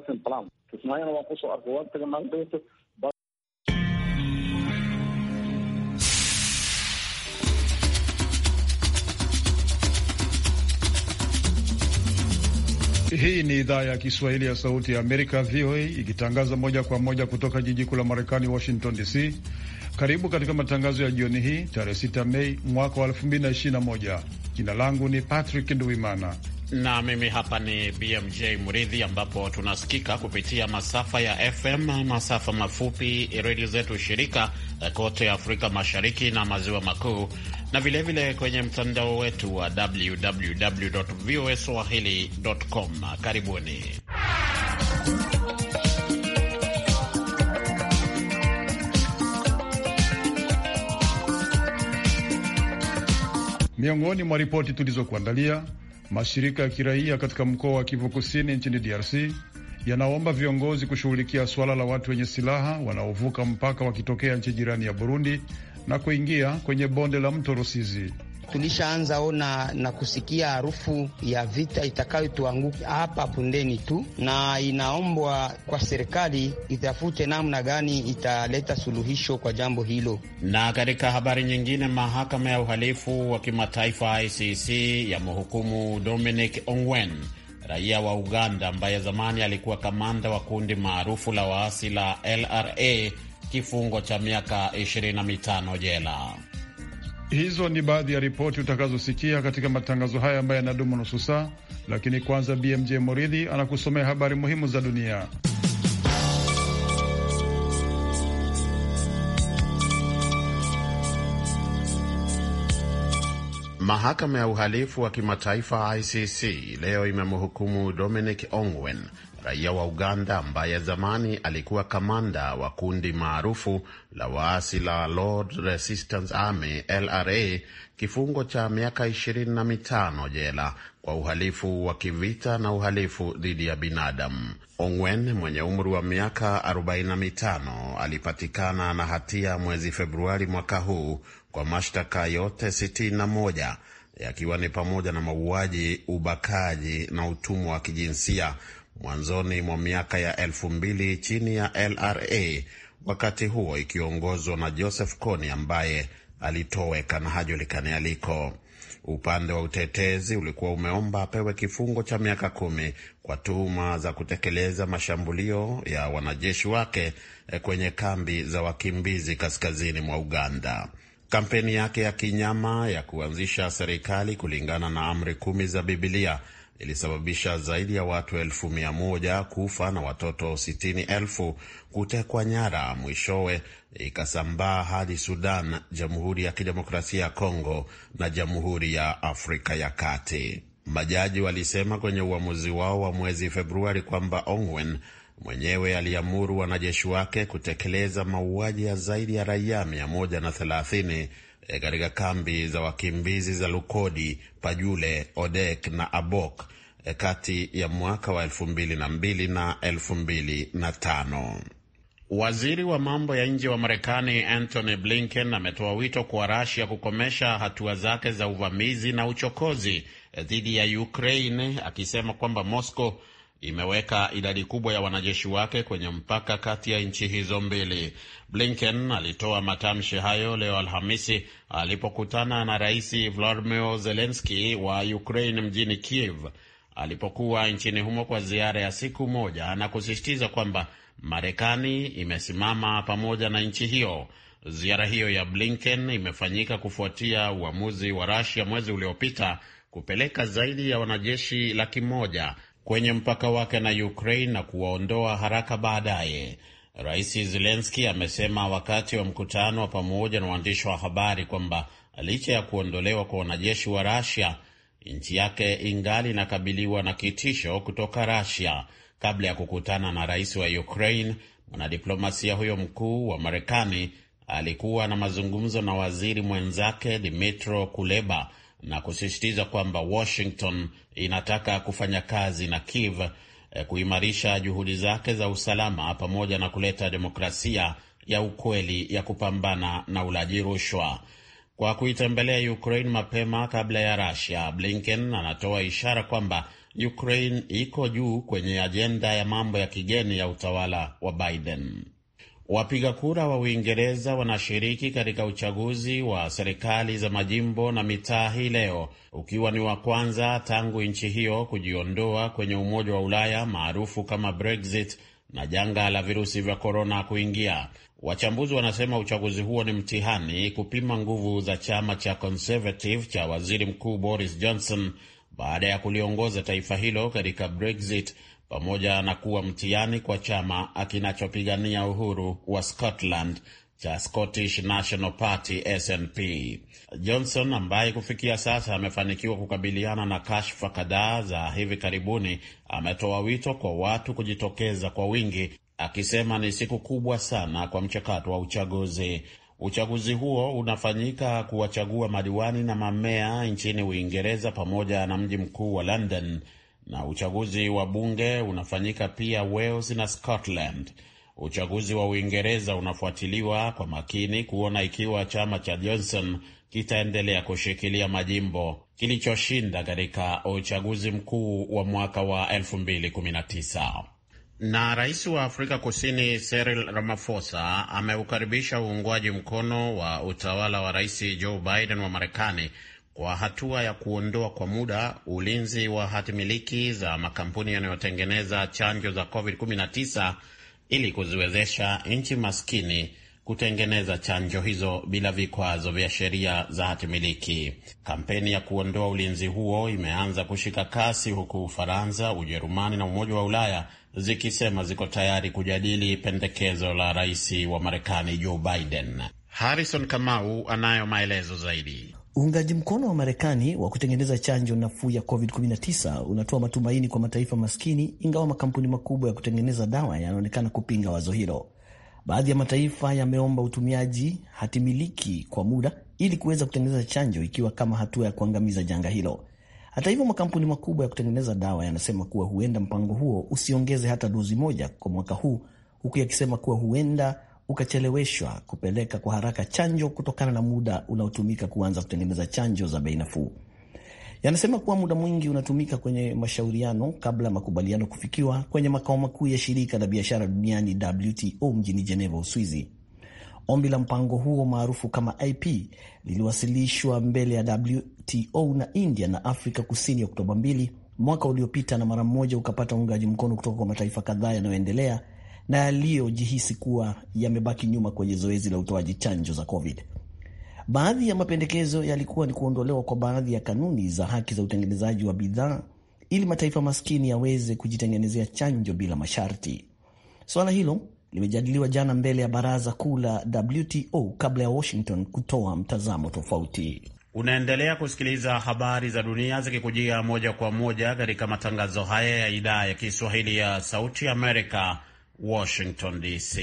Plan. Hii ni idhaa ya Kiswahili ya Sauti ya Amerika, VOA, ikitangaza moja kwa moja kutoka jiji kuu la Marekani, Washington DC. Karibu katika matangazo ya jioni hii tarehe 6 Mei mwaka wa 2021. Jina langu ni Patrick Nduwimana na mimi hapa ni BMJ Mridhi, ambapo tunasikika kupitia masafa ya FM, masafa mafupi, redio zetu shirika eh, kote Afrika Mashariki na Maziwa Makuu, na vilevile vile kwenye mtandao wetu wa www voa swahili com. Karibuni. Miongoni mwa ripoti tulizokuandalia Mashirika ya kiraia katika mkoa wa Kivu Kusini nchini DRC yanaomba viongozi kushughulikia suala la watu wenye silaha wanaovuka mpaka wakitokea nchi jirani ya Burundi na kuingia kwenye bonde la mto Rusizi tulishaanza ona na kusikia harufu ya vita itakayotuanguka hapa pundeni tu, na inaombwa kwa serikali itafute namna gani italeta suluhisho kwa jambo hilo. Na katika habari nyingine, mahakama ya uhalifu wa kimataifa ICC mhukumu Dominic Ongwen raia wa Uganda ambaye zamani alikuwa kamanda wa kundi maarufu la waasi la LRA kifungo cha miaka 25 jela. Hizo ni baadhi ya ripoti utakazosikia katika matangazo haya ambayo yanadumu nusu saa, lakini kwanza, BMJ Moridhi anakusomea habari muhimu za dunia. Mahakama ya uhalifu wa kimataifa ICC leo imemhukumu Dominic Ongwen raia wa Uganda ambaye zamani alikuwa kamanda wa kundi maarufu la waasi la Lord Resistance Army LRA kifungo cha miaka ishirini na mitano jela kwa uhalifu wa kivita na uhalifu dhidi ya binadamu. Ongwen mwenye umri wa miaka 45 alipatikana na hatia mwezi Februari mwaka huu kwa mashtaka yote 61 yakiwa ni pamoja na mauaji, ubakaji na utumwa wa kijinsia mwanzoni mwa miaka ya elfu mbili chini ya LRA, wakati huo ikiongozwa na Joseph Kony ambaye alitoweka na hajulikani aliko. Upande wa utetezi ulikuwa umeomba apewe kifungo cha miaka kumi kwa tuhuma za kutekeleza mashambulio ya wanajeshi wake eh, kwenye kambi za wakimbizi kaskazini mwa Uganda. Kampeni yake ya kinyama ya kuanzisha serikali kulingana na amri kumi za Bibilia ilisababisha zaidi ya watu elfu mia moja kufa na watoto sitini elfu kutekwa nyara, mwishowe ikasambaa hadi Sudan, Jamhuri ya Kidemokrasia ya Kongo na Jamhuri ya Afrika ya Kati. Majaji walisema kwenye uamuzi wao wa mwezi Februari kwamba Ongwen mwenyewe aliamuru wanajeshi wake kutekeleza mauaji ya zaidi ya raia 130 eh, katika kambi za wakimbizi za Lukodi, Pajule, Odek na Abok Eh, kati ya mwaka wa elfu mbili na mbili na elfu mbili na tano. Waziri wa mambo ya nje wa Marekani Antony Blinken ametoa wito kwa Rasia kukomesha hatua zake za uvamizi na uchokozi eh, dhidi ya Ukraine, akisema kwamba Moscow imeweka idadi kubwa ya wanajeshi wake kwenye mpaka kati ya nchi hizo mbili. Blinken alitoa matamshi hayo leo Alhamisi alipokutana na Rais Vladimir Zelensky wa Ukraine mjini Kiev alipokuwa nchini humo kwa ziara ya siku moja na kusisitiza kwamba Marekani imesimama pamoja na nchi hiyo. Ziara hiyo ya Blinken imefanyika kufuatia uamuzi wa rasia mwezi uliopita kupeleka zaidi ya wanajeshi laki moja kwenye mpaka wake na Ukraine na kuwaondoa haraka baadaye. Rais zelenski amesema wakati wa mkutano wa pamoja na waandishi wa habari kwamba licha ya kuondolewa kwa wanajeshi wa rasia nchi yake ingali inakabiliwa na kitisho kutoka Russia kabla ya kukutana na rais wa Ukraine. Mwanadiplomasia huyo mkuu wa Marekani alikuwa na mazungumzo na waziri mwenzake Dmytro Kuleba na kusisitiza kwamba Washington inataka kufanya kazi na Kiev eh, kuimarisha juhudi zake za usalama pamoja na kuleta demokrasia ya ukweli ya kupambana na ulaji rushwa kwa kuitembelea Ukraine mapema kabla ya Russia. Blinken anatoa ishara kwamba Ukraine iko juu kwenye ajenda ya mambo ya kigeni ya utawala wa Biden. Wapiga kura wa Uingereza wanashiriki katika uchaguzi wa serikali za majimbo na mitaa hii leo, ukiwa ni wa kwanza tangu nchi hiyo kujiondoa kwenye Umoja wa Ulaya maarufu kama Brexit na janga la virusi vya korona kuingia. Wachambuzi wanasema uchaguzi huo ni mtihani kupima nguvu za chama cha Conservative cha waziri mkuu Boris Johnson baada ya kuliongoza taifa hilo katika Brexit, pamoja na kuwa mtihani kwa chama kinachopigania uhuru wa Scotland cha Scottish National Party SNP. Johnson ambaye kufikia sasa amefanikiwa kukabiliana na kashfa kadhaa za hivi karibuni, ametoa wito kwa watu kujitokeza kwa wingi akisema ni siku kubwa sana kwa mchakato wa uchaguzi. Uchaguzi huo unafanyika kuwachagua madiwani na mamea nchini Uingereza pamoja na mji mkuu wa London, na uchaguzi wa bunge unafanyika pia Wales na Scotland. Uchaguzi wa Uingereza unafuatiliwa kwa makini kuona ikiwa chama cha Johnson kitaendelea kushikilia majimbo kilichoshinda katika uchaguzi mkuu wa mwaka wa 2019. Na rais wa Afrika Kusini Cyril Ramaphosa ameukaribisha uungwaji mkono wa utawala wa rais Joe Biden wa Marekani kwa hatua ya kuondoa kwa muda ulinzi wa hatimiliki za makampuni yanayotengeneza chanjo za COVID-19 ili kuziwezesha nchi maskini kutengeneza chanjo hizo bila vikwazo vya sheria za hatimiliki. Kampeni ya kuondoa ulinzi huo imeanza kushika kasi huku Ufaransa, Ujerumani na Umoja wa Ulaya zikisema ziko tayari kujadili pendekezo la rais wa Marekani Joe Biden. Harrison Kamau anayo maelezo zaidi. Uungaji mkono wa Marekani wa kutengeneza chanjo nafuu ya COVID-19 unatoa matumaini kwa mataifa maskini, ingawa makampuni makubwa ya kutengeneza dawa yanaonekana kupinga wazo hilo. Baadhi ya mataifa yameomba utumiaji hatimiliki kwa muda ili kuweza kutengeneza chanjo, ikiwa kama hatua ya kuangamiza janga hilo. Hata hivyo, makampuni makubwa ya kutengeneza dawa yanasema kuwa huenda mpango huo usiongeze hata dozi moja kwa mwaka huu, huku yakisema kuwa huenda ukacheleweshwa kupeleka kwa haraka chanjo kutokana na muda unaotumika kuanza kutengeneza chanjo za bei nafuu. Yanasema kuwa muda mwingi unatumika kwenye mashauriano kabla ya makubaliano kufikiwa kwenye makao makuu ya shirika la biashara duniani WTO mjini Geneva, Uswizi. Ombi la mpango huo maarufu kama IP liliwasilishwa mbele ya WTO na India na Afrika Kusini Oktoba 2 mwaka uliopita, na mara mmoja ukapata uungaji mkono kutoka kwa mataifa kadhaa yanayoendelea na yaliyojihisi kuwa yamebaki nyuma kwenye zoezi la utoaji chanjo za COVID. Baadhi ya mapendekezo yalikuwa ni kuondolewa kwa baadhi ya kanuni za haki za utengenezaji wa bidhaa ili mataifa maskini yaweze kujitengenezea chanjo bila masharti. Swala hilo limejadiliwa jana mbele ya baraza kuu la WTO kabla ya Washington kutoa mtazamo tofauti. Unaendelea kusikiliza habari za dunia zikikujia moja kwa moja katika matangazo haya ya idhaa ya Kiswahili ya Sauti Amerika, Washington DC.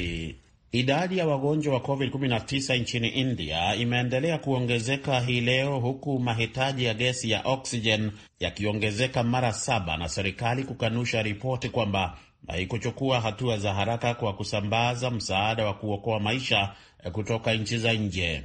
Idadi ya wagonjwa wa COVID-19 nchini India imeendelea kuongezeka hii leo huku mahitaji ya gesi ya oksijen yakiongezeka mara saba na serikali kukanusha ripoti kwamba haikuchukua hatua za haraka kwa kusambaza msaada wa kuokoa maisha kutoka nchi za nje.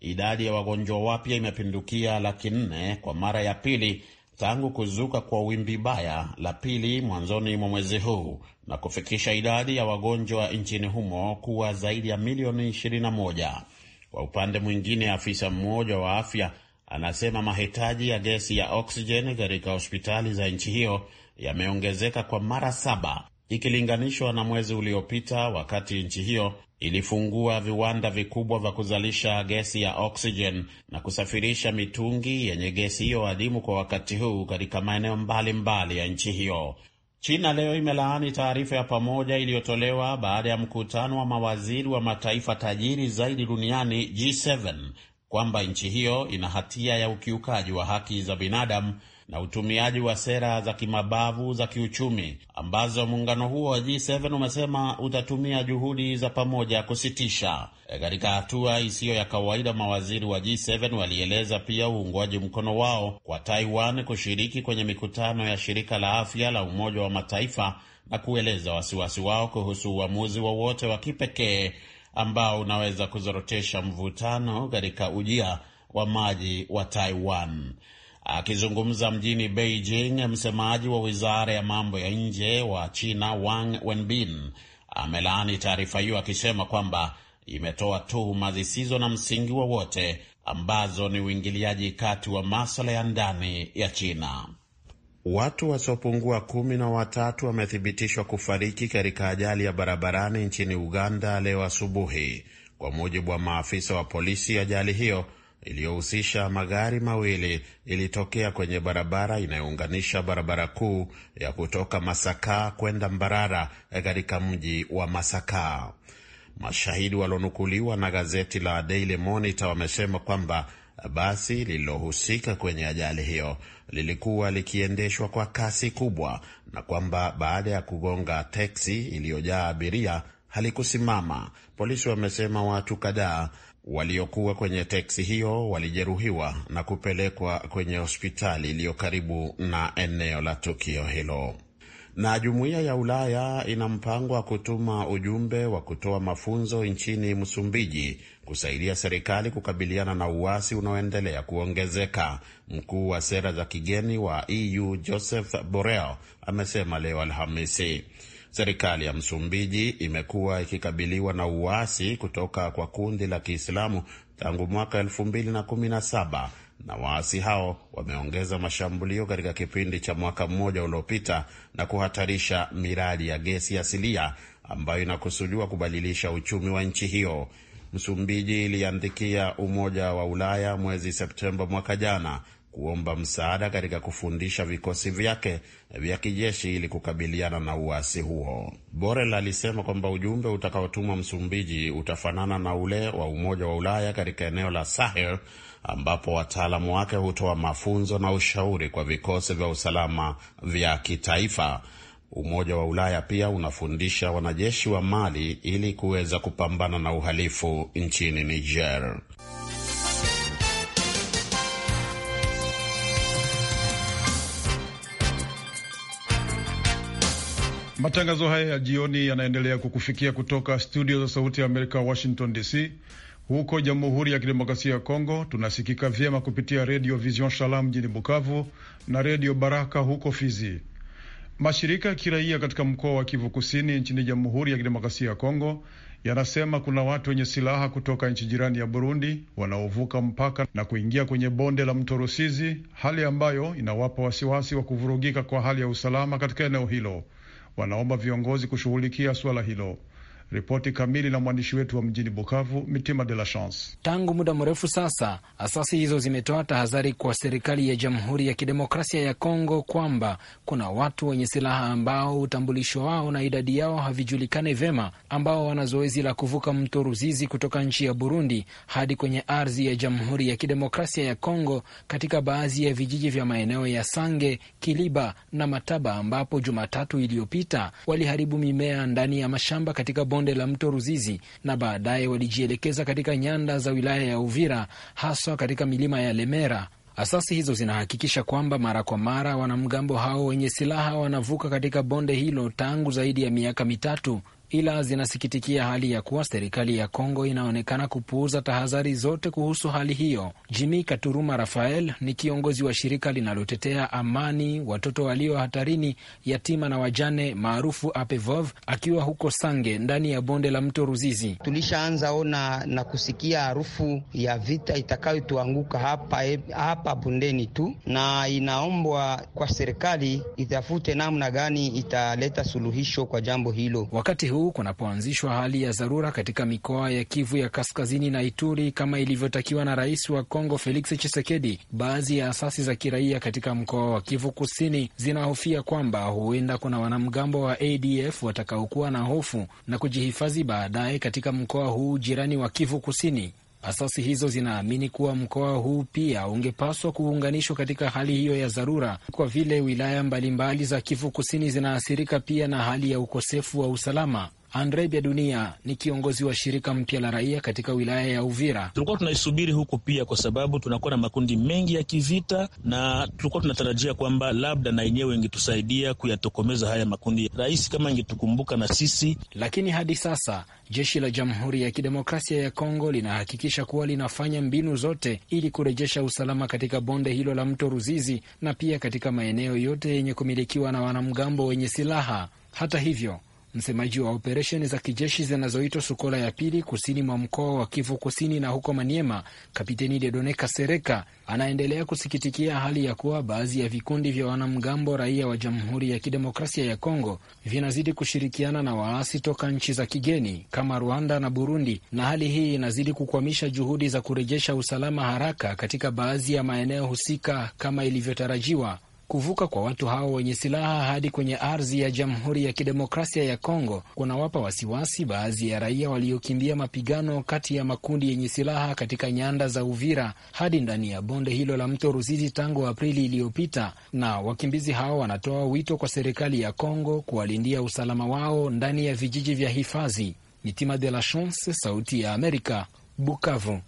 Idadi ya wagonjwa wapya imepindukia laki nne kwa mara ya pili tangu kuzuka kwa wimbi baya la pili mwanzoni mwa mwezi huu na kufikisha idadi ya wagonjwa nchini humo kuwa zaidi ya milioni 21. Kwa upande mwingine, afisa mmoja wa afya anasema mahitaji ya gesi ya oksijeni katika hospitali za nchi hiyo yameongezeka kwa mara saba ikilinganishwa na mwezi uliopita, wakati nchi hiyo ilifungua viwanda vikubwa vya kuzalisha gesi ya oksijeni na kusafirisha mitungi yenye gesi hiyo adimu kwa wakati huu katika maeneo mbalimbali ya nchi hiyo. China leo imelaani taarifa ya pamoja iliyotolewa baada ya mkutano wa mawaziri wa mataifa tajiri zaidi duniani G7 kwamba nchi hiyo ina hatia ya ukiukaji wa haki za binadamu na utumiaji wa sera za kimabavu za kiuchumi ambazo muungano huo wa G7 umesema utatumia juhudi za pamoja kusitisha. E, katika hatua isiyo ya kawaida, mawaziri wa G7 walieleza pia uungwaji mkono wao kwa Taiwan kushiriki kwenye mikutano ya shirika la afya la Umoja wa Mataifa na kueleza wasiwasi wao kuhusu uamuzi wowote wa, wa kipekee ambao unaweza kuzorotesha mvutano katika ujia wa maji wa Taiwan. Akizungumza mjini Beijing, msemaji wa wizara ya mambo ya nje wa China Wang Wenbin amelaani taarifa hiyo akisema kwamba imetoa tuhuma zisizo na msingi wowote ambazo ni uingiliaji kati wa maswala ya ndani ya China. Watu wasiopungua kumi na watatu wamethibitishwa kufariki katika ajali ya barabarani nchini Uganda leo asubuhi, kwa mujibu wa maafisa wa polisi. Ajali hiyo iliyohusisha magari mawili ilitokea kwenye barabara inayounganisha barabara kuu ya kutoka Masaka kwenda Mbarara eh, katika mji wa Masaka. Mashahidi walionukuliwa na gazeti la Daily Monitor wamesema kwamba eh, basi lililohusika kwenye ajali hiyo lilikuwa likiendeshwa kwa kasi kubwa na kwamba baada ya kugonga teksi iliyojaa abiria halikusimama. Polisi wamesema watu kadhaa Waliokuwa kwenye teksi hiyo walijeruhiwa na kupelekwa kwenye hospitali iliyo karibu na eneo la tukio hilo. Na jumuiya ya Ulaya ina mpango wa kutuma ujumbe wa kutoa mafunzo nchini Msumbiji kusaidia serikali kukabiliana na uasi unaoendelea kuongezeka. Mkuu wa sera za kigeni wa EU Joseph Borrell amesema leo Alhamisi Serikali ya Msumbiji imekuwa ikikabiliwa na uasi kutoka kwa kundi la Kiislamu tangu mwaka 2017 na waasi hao wameongeza mashambulio katika kipindi cha mwaka mmoja uliopita na kuhatarisha miradi ya gesi asilia ambayo inakusudiwa kubadilisha uchumi wa nchi hiyo. Msumbiji iliandikia Umoja wa Ulaya mwezi Septemba mwaka jana kuomba msaada katika kufundisha vikosi vyake vya kijeshi ili kukabiliana na uasi huo. Borel alisema kwamba ujumbe utakaotumwa Msumbiji utafanana na ule wa Umoja wa Ulaya katika eneo la Sahel ambapo wataalamu wake hutoa mafunzo na ushauri kwa vikosi vya usalama vya kitaifa. Umoja wa Ulaya pia unafundisha wanajeshi wa Mali ili kuweza kupambana na uhalifu nchini Niger. Matangazo haya ya jioni yanaendelea kukufikia kutoka studio za Sauti ya Amerika, Washington DC. Huko Jamhuri ya Kidemokrasia ya Kongo tunasikika vyema kupitia Redio Vision Shalom mjini Bukavu na Redio Baraka huko Fizi. Mashirika ya kiraia katika mkoa wa Kivu Kusini nchini Jamhuri ya Kidemokrasia ya Kongo yanasema kuna watu wenye silaha kutoka nchi jirani ya Burundi wanaovuka mpaka na kuingia kwenye bonde la mto Rusizi, hali ambayo inawapa wasiwasi wa kuvurugika kwa hali ya usalama katika eneo hilo wanaomba viongozi kushughulikia suala hilo. Ripoti kamili na mwandishi wetu wa mjini Bukavu, Mitima de la Chance. Tangu muda mrefu sasa, asasi hizo zimetoa tahadhari kwa serikali ya Jamhuri ya Kidemokrasia ya Kongo kwamba kuna watu wenye silaha ambao utambulisho wao na idadi yao havijulikani vyema, ambao wana zoezi la kuvuka mto Ruzizi kutoka nchi ya Burundi hadi kwenye ardhi ya Jamhuri ya Kidemokrasia ya Kongo katika baadhi ya vijiji vya maeneo ya Sange, Kiliba na Mataba, ambapo Jumatatu iliyopita waliharibu mimea ndani ya mashamba katika bonde la mto Ruzizi na baadaye walijielekeza katika nyanda za wilaya ya Uvira, haswa katika milima ya Lemera. Asasi hizo zinahakikisha kwamba mara kwa mara wanamgambo hao wenye silaha wanavuka katika bonde hilo tangu zaidi ya miaka mitatu ila zinasikitikia hali ya kuwa serikali ya Kongo inaonekana kupuuza tahadhari zote kuhusu hali hiyo. Jimi Katuruma Rafael ni kiongozi wa shirika linalotetea amani watoto walio hatarini, yatima na wajane maarufu APEVOV, akiwa huko Sange ndani ya bonde la mto Ruzizi. Tulishaanza ona na kusikia harufu ya vita itakayotuanguka hapa, hapa bundeni tu, na inaombwa kwa serikali itafute namna gani italeta suluhisho kwa jambo hilo wakati tu kunapoanzishwa hali ya dharura katika mikoa ya Kivu ya Kaskazini na Ituri kama ilivyotakiwa na rais wa Kongo Felix Tshisekedi, baadhi ya asasi za kiraia katika mkoa wa Kivu Kusini zinahofia kwamba huenda kuna wanamgambo wa ADF watakaokuwa na hofu na kujihifadhi baadaye katika mkoa huu jirani wa Kivu Kusini. Asasi hizo zinaamini kuwa mkoa huu pia ungepaswa kuunganishwa katika hali hiyo ya dharura, kwa vile wilaya mbalimbali za Kivu Kusini zinaathirika pia na hali ya ukosefu wa usalama. Andre Bya Dunia ni kiongozi wa shirika mpya la raia katika wilaya ya Uvira. Tulikuwa tunaisubiri huku pia, kwa sababu tunakuwa na makundi mengi ya kivita, na tulikuwa tunatarajia kwamba labda na yenyewe ingetusaidia kuyatokomeza haya makundi. Rais kama ingetukumbuka na sisi, lakini hadi sasa jeshi la Jamhuri ya Kidemokrasia ya Kongo linahakikisha kuwa linafanya mbinu zote ili kurejesha usalama katika bonde hilo la mto Ruzizi na pia katika maeneo yote yenye kumilikiwa na wanamgambo wenye silaha. Hata hivyo Msemaji wa operesheni za kijeshi zinazoitwa Sukola ya pili kusini mwa mkoa wa Kivu Kusini na huko Maniema, Kapiteni Dedone Kasereka anaendelea kusikitikia hali ya kuwa baadhi ya vikundi vya wanamgambo raia wa Jamhuri ya Kidemokrasia ya Kongo vinazidi kushirikiana na waasi toka nchi za kigeni kama Rwanda na Burundi, na hali hii inazidi kukwamisha juhudi za kurejesha usalama haraka katika baadhi ya maeneo husika kama ilivyotarajiwa. Kuvuka kwa watu hao wenye silaha hadi kwenye ardhi ya Jamhuri ya Kidemokrasia ya Kongo kunawapa wasiwasi baadhi ya raia waliokimbia mapigano kati ya makundi yenye silaha katika nyanda za Uvira hadi ndani ya bonde hilo la mto Ruzizi tangu Aprili iliyopita, na wakimbizi hao wanatoa wito kwa serikali ya Kongo kuwalindia usalama wao ndani ya vijiji vya hifadhi. Mitima de la Chance, Sauti ya Amerika, Bukavu.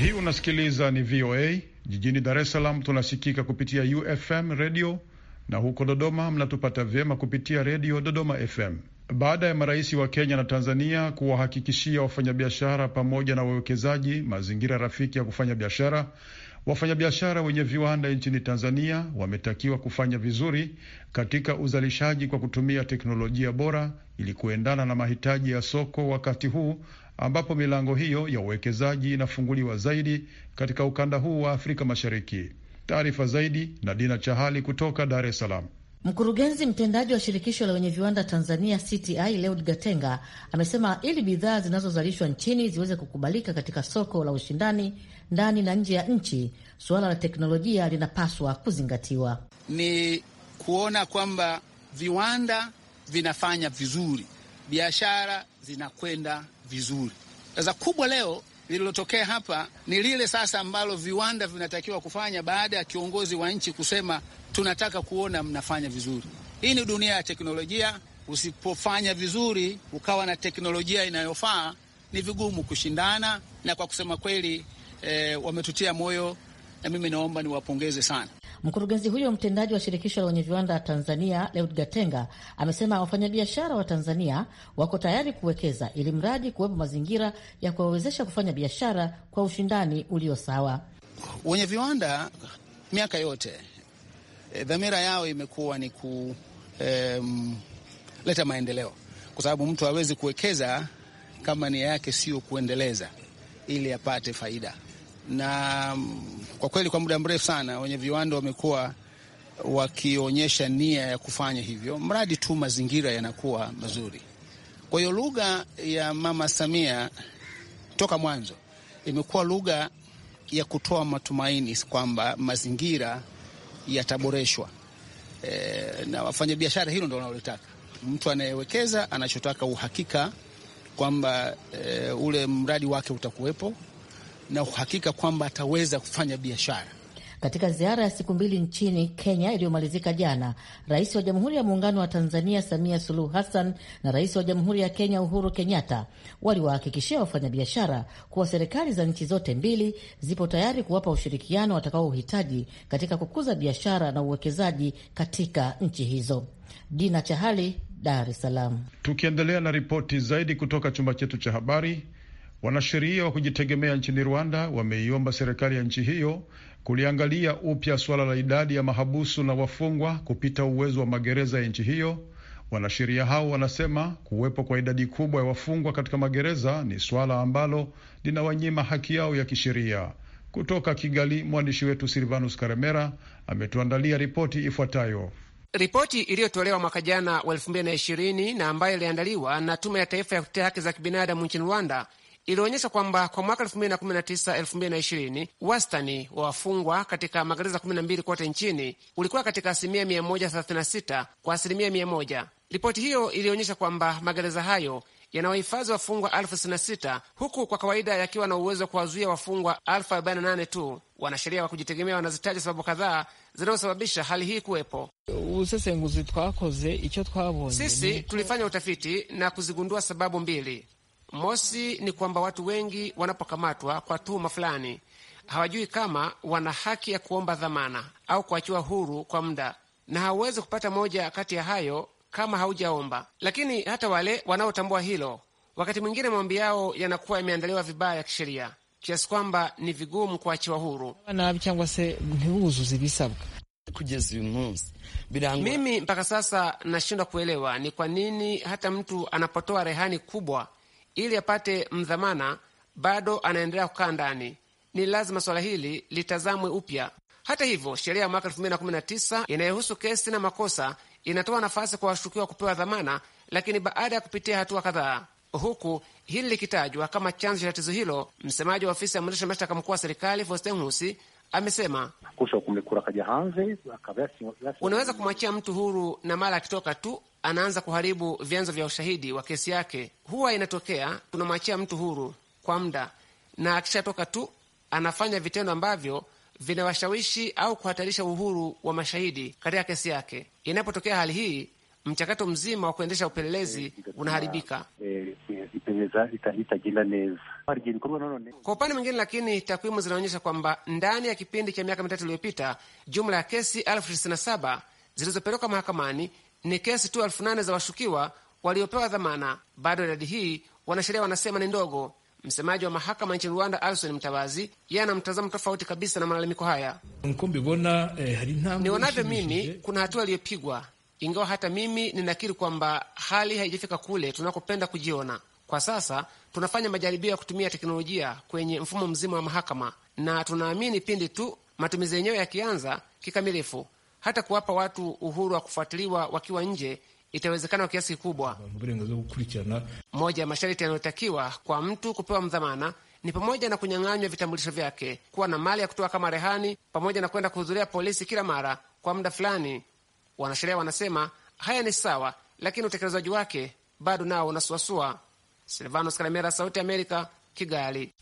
Hii unasikiliza ni VOA jijini Dar es Salaam, tunasikika kupitia UFM redio na huko Dodoma mnatupata vyema kupitia redio Dodoma FM. Baada ya marais wa Kenya na Tanzania kuwahakikishia wafanyabiashara pamoja na wawekezaji mazingira rafiki ya kufanya biashara, wafanyabiashara wenye viwanda nchini Tanzania wametakiwa kufanya vizuri katika uzalishaji kwa kutumia teknolojia bora ili kuendana na mahitaji ya soko wakati huu ambapo milango hiyo ya uwekezaji inafunguliwa zaidi katika ukanda huu wa Afrika Mashariki. Taarifa zaidi na Dina Chahali kutoka Dar es Salaam. Mkurugenzi mtendaji wa shirikisho la wenye viwanda Tanzania CTI Leod Gatenga amesema ili bidhaa zinazozalishwa nchini ziweze kukubalika katika soko la ushindani ndani na nje ya nchi, suala la teknolojia linapaswa kuzingatiwa. Ni kuona kwamba viwanda vinafanya vizuri biashara zinakwenda vizuri. Sasa kubwa leo lililotokea hapa ni lile sasa ambalo viwanda vinatakiwa kufanya baada ya kiongozi wa nchi kusema tunataka kuona mnafanya vizuri. Hii ni dunia ya teknolojia. Usipofanya vizuri ukawa na teknolojia inayofaa, ni vigumu kushindana, na kwa kusema kweli, e, wametutia moyo na mimi naomba niwapongeze sana. Mkurugenzi huyo mtendaji wa shirikisho la wenye viwanda Tanzania, Leud Gatenga, amesema wafanyabiashara wa Tanzania wako tayari kuwekeza ili mradi kuwepo mazingira ya kuwawezesha kufanya biashara kwa ushindani ulio sawa. Wenye viwanda miaka yote e, dhamira yao imekuwa ni kuleta maendeleo, kwa sababu mtu hawezi kuwekeza kama nia yake sio kuendeleza ili apate faida na kwa kweli kwa muda mrefu sana wenye viwanda wamekuwa wakionyesha nia ya kufanya hivyo, mradi tu mazingira yanakuwa mazuri. Kwa hiyo lugha ya Mama Samia toka mwanzo imekuwa lugha ya kutoa matumaini kwamba mazingira yataboreshwa. E, na wafanya-biashara hilo ndo wanaolitaka. Mtu anayewekeza anachotaka uhakika kwamba e, ule mradi wake utakuwepo na uhakika kwamba ataweza kufanya biashara. Katika ziara ya siku mbili nchini Kenya iliyomalizika jana, rais wa Jamhuri ya Muungano wa Tanzania Samia Suluhu Hassan na rais wa Jamhuri ya Kenya Uhuru Kenyatta waliwahakikishia wafanyabiashara kuwa serikali za nchi zote mbili zipo tayari kuwapa ushirikiano watakaouhitaji katika kukuza biashara na uwekezaji katika nchi hizo. Dina Chahali, Dar es Salaam. Tukiendelea na ripoti zaidi kutoka chumba chetu cha habari. Wanasheria wa kujitegemea nchini Rwanda wameiomba serikali ya nchi hiyo kuliangalia upya suala la idadi ya mahabusu na wafungwa kupita uwezo wa magereza ya nchi hiyo. Wanasheria hao wanasema kuwepo kwa idadi kubwa ya wafungwa katika magereza ni suala ambalo linawanyima haki yao ya kisheria. Kutoka Kigali, mwandishi wetu Silvanus Karemera ametuandalia ripoti ifuatayo. Ripoti iliyotolewa mwaka jana wa elfu mbili na ishirini na ambayo iliandaliwa na Tume ya Taifa ya Kutetea Haki za Kibinadamu nchini Rwanda ilionyesha kwamba kwa mwaka 2019 2020 wastani wa wafungwa katika magereza 12 kote nchini ulikuwa katika asilimia 136 kwa asilimia 100. Ripoti hiyo ilionyesha kwamba magereza hayo yanawahifadhi wafungwa 66 sita huku kwa kawaida yakiwa na uwezo wa kuwazuia wafungwa 48 arobaini nane tu. Wanasheria wa kujitegemea wanazitaja sababu kadhaa zinazosababisha hali hii kuwepo. Sisi tulifanya utafiti na kuzigundua sababu mbili. Mosi ni kwamba watu wengi wanapokamatwa kwa tuhuma fulani hawajui kama wana haki ya kuomba dhamana au kuachiwa huru kwa muda, na hauwezi kupata moja kati ya hayo kama haujaomba. Lakini hata wale wanaotambua hilo, wakati mwingine maombi yao yanakuwa yameandaliwa vibaya ya kisheria kiasi kwamba ni vigumu kuachiwa huru. Mimi mpaka sasa nashindwa kuelewa ni kwa nini hata mtu anapotoa rehani kubwa ili apate mdhamana, bado anaendelea kukaa ndani. Ni lazima swala hili litazamwe upya. Hata hivyo, sheria ya mwaka 2019 inayohusu kesi na makosa inatoa nafasi kwa washukiwa kupewa dhamana, lakini baada ya kupitia hatua kadhaa, huku hili likitajwa kama chanzo cha tatizo hilo. Msemaji wa ofisi ya mwendesha mashtaka mkuu wa serikali Faustin Husi Amesema unaweza kumwachia mtu huru na mara akitoka tu anaanza kuharibu vyanzo vya ushahidi wa kesi yake. Huwa inatokea tunamwachia mtu huru kwa muda, na akishatoka tu anafanya vitendo ambavyo vinawashawishi au kuhatarisha uhuru wa mashahidi katika kesi yake. Inapotokea hali hii mchakato mzima wa kuendesha upelelezi eh, unaharibika eh, kwa upande mwingine. Lakini takwimu zinaonyesha kwamba ndani ya kipindi cha miaka mitatu iliyopita, jumla ya kesi elfu zilizopelekwa mahakamani ni kesi tu elfu za washukiwa waliopewa dhamana. Bado idadi hii wanasheria wanasema ni ndogo. Msemaji wa mahakama nchini Rwanda, Alson Mtabazi, yeye ana mtazamo tofauti kabisa na malalamiko haya. Eh, Nionavyo mimi, kuna hatua iliyopigwa ingawa hata mimi ninakiri kwamba hali haijafika kule tunakopenda kujiona kwa sasa. Tunafanya majaribio ya kutumia teknolojia kwenye mfumo mzima wa mahakama, na tunaamini pindi tu matumizi yenyewe yakianza kikamilifu, hata kuwapa watu uhuru wa kufuatiliwa wakiwa nje itawezekana kwa kiasi kikubwa. Moja ya masharti yanayotakiwa kwa mtu kupewa mdhamana ni pamoja na kunyang'anywa vitambulisho vyake, kuwa na mali ya kutoa kama rehani, pamoja na kwenda kuhudhuria polisi kila mara kwa muda fulani Wanasheria wanasema haya ni sawa, lakini utekelezaji wake bado nao unasuasua. Silvanos Kalemera, Sauti Amerika, Kigali.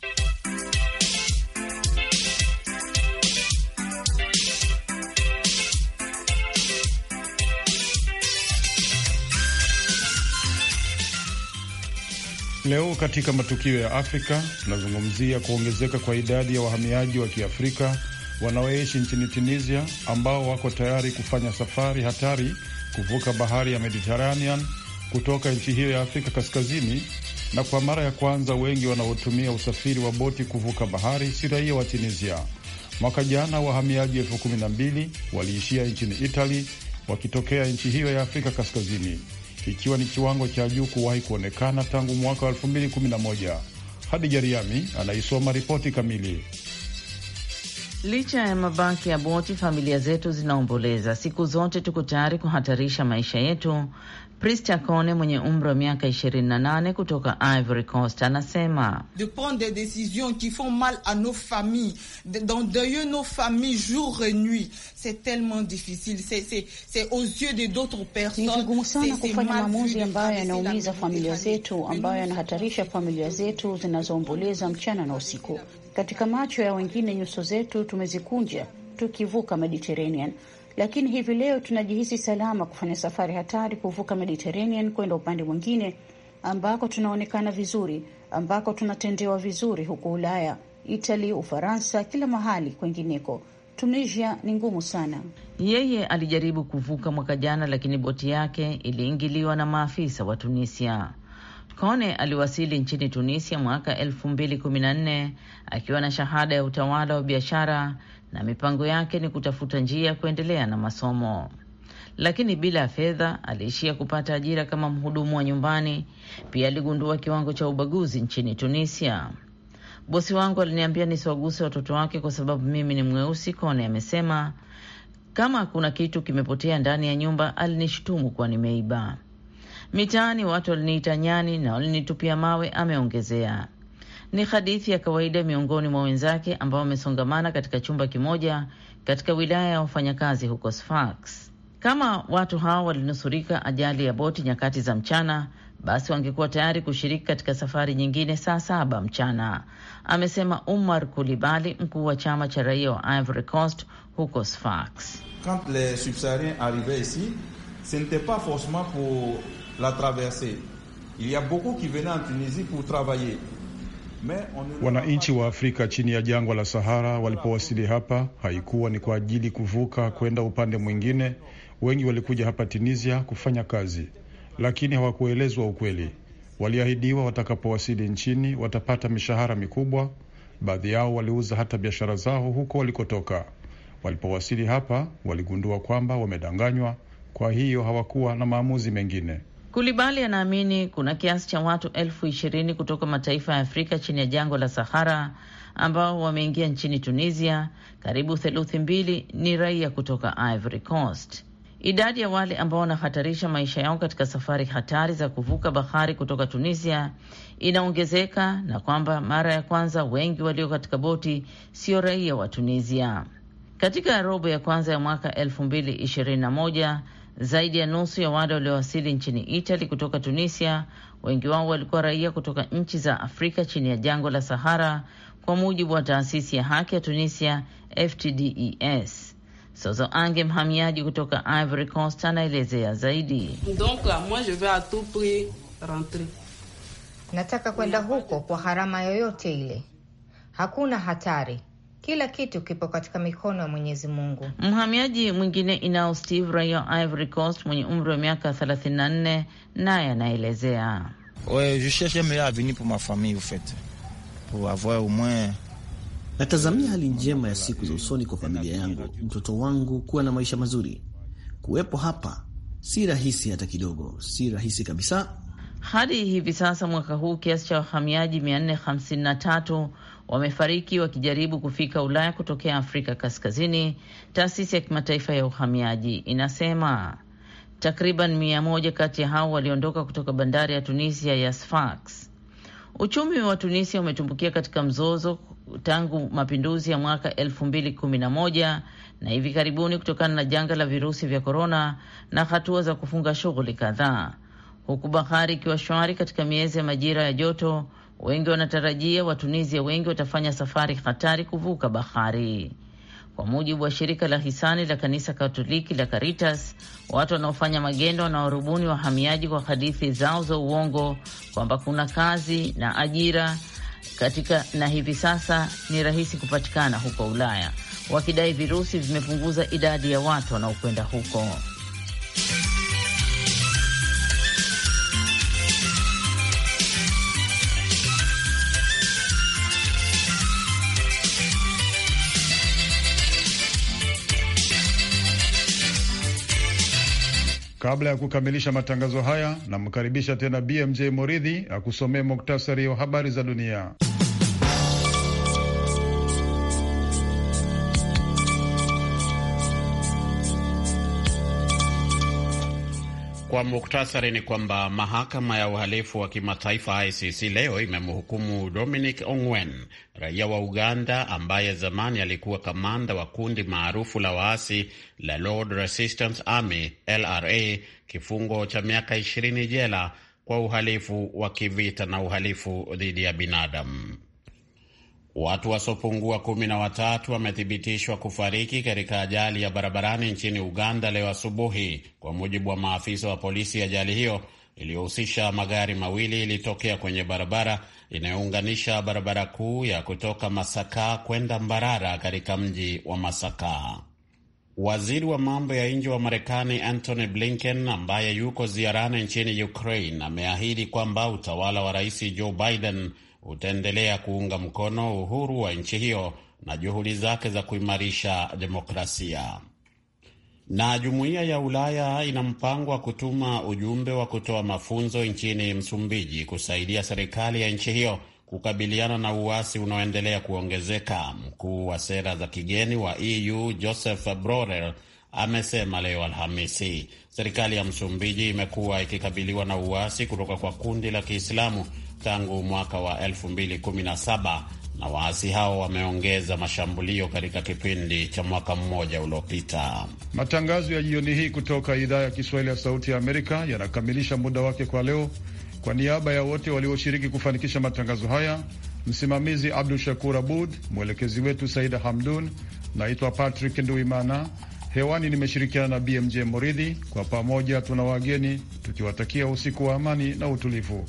Leo katika matukio ya Afrika tunazungumzia kuongezeka kwa idadi ya wahamiaji wa Kiafrika wanaoishi nchini Tunisia ambao wako tayari kufanya safari hatari kuvuka bahari ya Mediteranean kutoka nchi hiyo ya Afrika Kaskazini. Na kwa mara ya kwanza wengi wanaotumia usafiri wa boti kuvuka bahari si raia wa Tunisia. Mwaka jana wahamiaji elfu kumi na mbili waliishia nchini Itali wakitokea nchi hiyo ya Afrika Kaskazini, ikiwa ni kiwango cha juu kuwahi kuonekana tangu mwaka wa elfu mbili kumi na moja. Hadi Jariami anaisoma ripoti kamili. Licha ya mabaki ya boti, familia zetu zinaomboleza. Siku zote tuko tayari kuhatarisha maisha yetu. Prista Kone mwenye umri wa miaka 28 kutoka Ivory Coast anasema de prendre des qui font mal nos familles d'endeuiller nos familles jour et nuit c'est tellement difficile c'est aux yeux de d'autres personnes. Ni vigumu sana kufanya maamuzi ambayo yanaumiza familia zetu, ambayo yanahatarisha familia zetu zinazoomboleza mchana na usiku. Katika macho ya wengine, nyuso zetu tumezikunja tukivuka Mediterranean, lakini hivi leo tunajihisi salama kufanya safari hatari kuvuka Mediterranean kwenda upande mwingine ambako tunaonekana vizuri, ambako tunatendewa vizuri huko Ulaya, Italy, Ufaransa, kila mahali kwengineko. Tunisia ni ngumu sana. Yeye alijaribu kuvuka mwaka jana, lakini boti yake iliingiliwa na maafisa wa Tunisia. Kone aliwasili nchini Tunisia mwaka elfu mbili kumi na nne akiwa na shahada ya utawala wa biashara na mipango yake ni kutafuta njia ya kuendelea na masomo, lakini bila ya fedha aliishia kupata ajira kama mhudumu wa nyumbani. Pia aligundua kiwango cha ubaguzi nchini Tunisia. Bosi wangu aliniambia nisiwaguse watoto wake kwa sababu mimi ni mweusi, Kone amesema. Kama kuna kitu kimepotea ndani ya nyumba, alinishutumu kuwa nimeiba. Mitaani watu waliniita nyani na walinitupia mawe, ameongezea. Ni hadithi ya kawaida miongoni mwa wenzake ambao wamesongamana katika chumba kimoja katika wilaya ya wafanyakazi huko Sfax. Kama watu hao walinusurika ajali ya boti nyakati za mchana, basi wangekuwa tayari kushiriki katika safari nyingine saa saba mchana, amesema Umar Kulibali, mkuu wa chama cha raia wa Ivory Coast huko Sfax. Quand les subsahariens arrivaient ici, ce n'était pas forcement pour la traversée. Il y a beaucoup qui venaient en Tunisie pour travailler. Wananchi wa Afrika chini ya jangwa la Sahara walipowasili hapa haikuwa ni kwa ajili kuvuka kwenda upande mwingine. Wengi walikuja hapa Tunisia kufanya kazi, lakini hawakuelezwa ukweli. Waliahidiwa watakapowasili nchini watapata mishahara mikubwa. Baadhi yao waliuza hata biashara zao huko walikotoka. Walipowasili hapa waligundua kwamba wamedanganywa, kwa hiyo hawakuwa na maamuzi mengine. Kulibali anaamini kuna kiasi cha watu elfu ishirini kutoka mataifa ya Afrika chini ya jangwa la Sahara ambao wameingia nchini Tunisia. Karibu theluthi mbili ni raia kutoka Ivory Coast. Idadi ya wale ambao wanahatarisha maisha yao katika safari hatari za kuvuka bahari kutoka Tunisia inaongezeka, na kwamba mara ya kwanza wengi walio katika boti sio raia wa Tunisia. Katika robo ya kwanza ya mwaka zaidi ya nusu ya wale waliowasili nchini Itali kutoka Tunisia, wengi wao walikuwa raia kutoka nchi za Afrika chini ya jangwa la Sahara, kwa mujibu wa taasisi ya haki ya Tunisia, FTDES. Sozo Ange, mhamiaji kutoka Ivory Coast, anaelezea zaidi. Donc la, moi je tout prix rentrer. Nataka kwenda huko kwa gharama yoyote ile, hakuna hatari kila kitu kipo katika mikono ya Mwenyezi Mungu. Mhamiaji mwingine inao Steve raia Ivory Coast mwenye umri wa miaka 34 naye anaelezea natazamia hali njema ya siku za usoni kwa familia yangu, mtoto wangu kuwa na maisha mazuri. Kuwepo hapa si rahisi hata kidogo, si rahisi kabisa, hadi hivi sasa mwaka huu kiasi cha wahamiaji 453 wamefariki wakijaribu kufika Ulaya kutokea Afrika Kaskazini, taasisi ya kimataifa ya uhamiaji inasema. Takriban mia moja kati ya hao waliondoka kutoka bandari ya Tunisia ya Sfax. Uchumi wa Tunisia umetumbukia katika mzozo tangu mapinduzi ya mwaka 211 na hivi karibuni kutokana na janga la virusi vya korona na hatua za kufunga shughuli kadhaa huku bahari ikiwa shwari katika miezi ya majira ya joto. Wengi wanatarajia Watunisia wengi watafanya safari hatari kuvuka bahari. Kwa mujibu wa shirika la hisani la kanisa Katoliki la Caritas, watu wanaofanya magendo wanaorubuni wahamiaji kwa hadithi zao za uongo kwamba kuna kazi na ajira katika na hivi sasa ni rahisi kupatikana huko Ulaya, wakidai virusi vimepunguza idadi ya watu wanaokwenda huko. Kabla ya kukamilisha matangazo haya, namkaribisha tena BMJ Moridhi akusomee muktasari wa habari za dunia. Kwa muktasari ni kwamba mahakama ya uhalifu wa kimataifa ICC leo imemhukumu Dominic Ongwen, raia wa Uganda ambaye zamani alikuwa kamanda wa kundi maarufu la waasi la Lord Resistance Army LRA kifungo cha miaka 20 jela kwa uhalifu wa kivita na uhalifu dhidi ya binadamu. Watu wasiopungua kumi na watatu wamethibitishwa kufariki katika ajali ya barabarani nchini Uganda leo asubuhi, kwa mujibu wa maafisa wa polisi. Ajali hiyo iliyohusisha magari mawili ilitokea kwenye barabara inayounganisha barabara kuu ya kutoka Masaka kwenda Mbarara katika mji wa Masaka. Waziri wa mambo ya nje wa Marekani Antony Blinken ambaye yuko ziarani nchini Ukraine ameahidi kwamba utawala wa Rais Joe Biden utaendelea kuunga mkono uhuru wa nchi hiyo na juhudi zake za kuimarisha demokrasia. Na jumuiya ya Ulaya ina mpango wa kutuma ujumbe wa kutoa mafunzo nchini Msumbiji kusaidia serikali ya nchi hiyo kukabiliana na uasi unaoendelea kuongezeka. Mkuu wa sera za kigeni wa EU Joseph Borrell amesema leo Alhamisi serikali ya Msumbiji imekuwa ikikabiliwa na uasi kutoka kwa kundi la Kiislamu tangu mwaka wa 2017 na waasi hao wameongeza mashambulio katika kipindi cha mwaka mmoja uliopita. Matangazo ya jioni hii kutoka idhaa ya Kiswahili ya Sauti ya Amerika yanakamilisha muda wake kwa leo. Kwa niaba ya wote walioshiriki kufanikisha matangazo haya, msimamizi Abdu Shakur Abud, mwelekezi wetu Saida Hamdun. Naitwa Patrick Nduimana. Hewani nimeshirikiana na BMJ Moridhi. Kwa pamoja tuna wageni tukiwatakia usiku wa amani na utulivu.